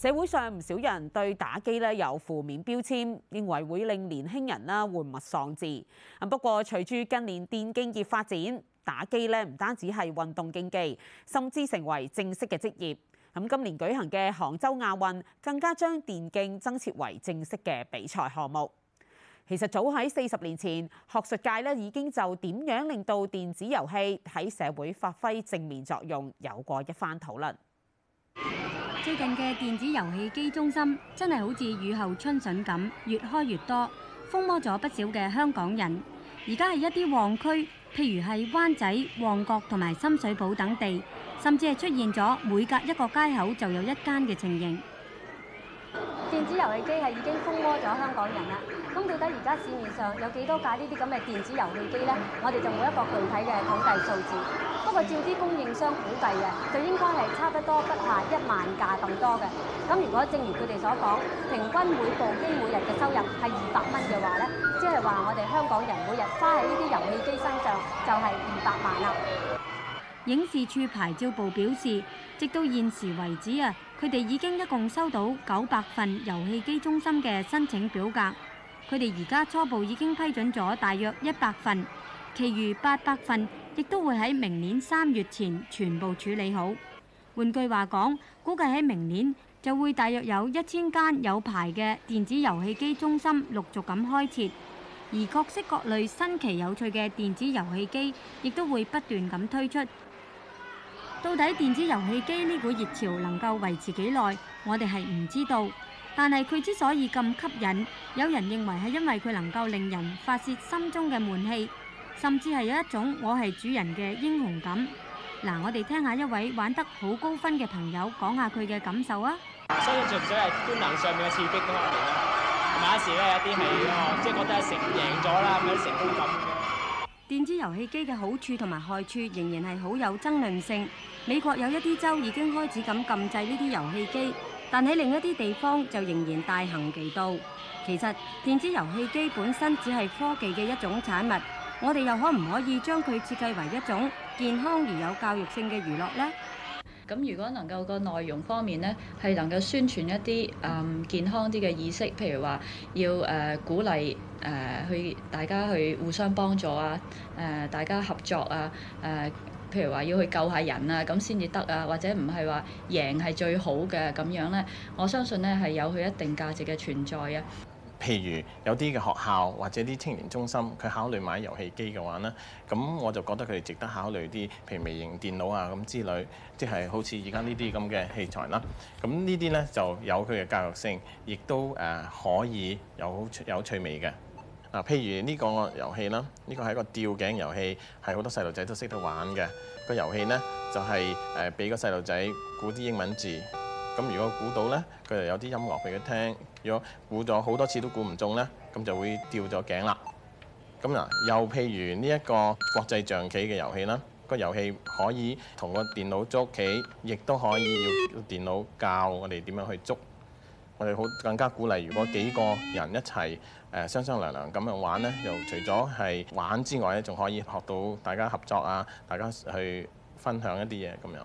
社會上唔少人對打機咧有負面標籤，認為會令年輕人啦玩物喪志。不過隨住近年電競業發展，打機咧唔單止係運動競技，甚至成為正式嘅職業。咁今年舉行嘅杭州亞運更加將電競增設為正式嘅比賽項目。其實早喺四十年前，學術界呢已經就點樣令到電子遊戲喺社會發揮正面作用有過一番討論。最近嘅電子遊戲機中心真係好似雨後春筍咁，越開越多，風魔咗不少嘅香港人。而家係一啲旺區，譬如係灣仔、旺角同埋深水埗等地，甚至係出現咗每隔一個街口就有一間嘅情形。電子遊戲機係已經瘋魔咗香港人啦。咁到底而家市面上有幾多架呢啲咁嘅電子遊戲機呢？我哋就冇一個具體嘅統計數字。不過照啲供應商估計嘅，就應該係差不多不下一萬架咁多嘅。咁如果正如佢哋所講，平均每部機每日嘅收入係二百蚊嘅話呢，即係話我哋香港人每日花喺呢啲遊戲機身上就係二百萬啦。影視處牌照部表示，直到現時為止啊，佢哋已經一共收到九百份遊戲機中心嘅申請表格，佢哋而家初步已經批准咗大約一百份，其餘八百份亦都會喺明年三月前全部處理好。換句話講，估計喺明年就會大約有一千間有牌嘅電子遊戲機中心陸續咁開設。而各式各類新奇有趣嘅電子遊戲機，亦都會不斷咁推出。到底電子遊戲機呢股熱潮能夠維持幾耐？我哋係唔知道。但係佢之所以咁吸引，有人認為係因為佢能夠令人發洩心中嘅悶氣，甚至係有一種「我係主人」嘅英雄感。嗱，我哋聽下一位玩得好高分嘅朋友講下佢嘅感受啊。所以，即使係官能上面嘅刺激。時有時咧，有啲係即係覺得成贏咗啦咁樣，成功感。電子遊戲機嘅好處同埋害處仍然係好有爭論性。美國有一啲州已經開始咁禁制呢啲遊戲機，但喺另一啲地方就仍然大行其道。其實電子遊戲機本身只係科技嘅一種產物，我哋又可唔可以將佢設計為一種健康而有教育性嘅娛樂呢？咁如果能夠個內容方面呢，係能夠宣傳一啲誒、嗯、健康啲嘅意識，譬如話要誒、呃、鼓勵誒去、呃、大家去互相幫助啊，誒、呃、大家合作啊，誒、呃、譬如話要去救下人啊，咁先至得啊，或者唔係話贏係最好嘅咁樣呢。我相信呢係有佢一定價值嘅存在啊。譬如有啲嘅學校或者啲青年中心，佢考慮買遊戲機嘅話呢，咁我就覺得佢哋值得考慮啲，譬如微型電腦啊咁之類，即係好似而家呢啲咁嘅器材啦。咁呢啲呢，就有佢嘅教育性，亦都誒可以有有趣、有趣味嘅。嗱、啊，譬如呢個遊戲啦，呢個係一個吊頸遊戲，係好多細路仔都識得玩嘅。個遊戲呢，就係誒俾個細路仔估啲英文字，咁如果估到呢，佢就有啲音樂俾佢聽。如果估咗好多次都估唔中呢，咁就會掉咗頸啦。咁嗱，又譬如呢一個國際象棋嘅遊戲啦，個遊戲可以同個電腦捉棋，亦都可以要電腦教我哋點樣去捉。我哋好更加鼓勵，如果幾個人一齊誒商商量量咁樣玩呢，又除咗係玩之外咧，仲可以學到大家合作啊，大家去分享一啲嘢咁樣。